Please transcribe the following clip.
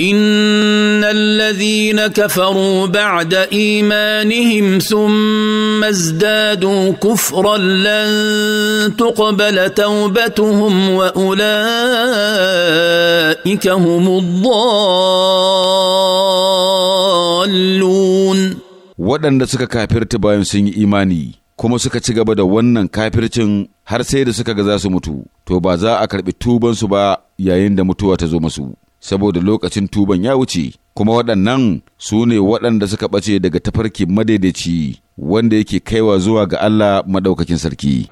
ان الذين كفروا بعد ايمانهم ثم ازدادوا كفرا لن تقبل توبتهم واولئك هم الضالون waɗanda suka kafirta bayan sun yi imani kuma suka ci gaba da wannan kafircin har sai da suka ga za su mutu to ba za a karɓi tubansu ba yayin da mutuwa ta zo masu saboda lokacin tuban ya wuce kuma waɗannan su ne waɗanda suka ɓace daga tafarkin madaidaici wanda yake kaiwa zuwa ga Allah maɗaukakin sarki.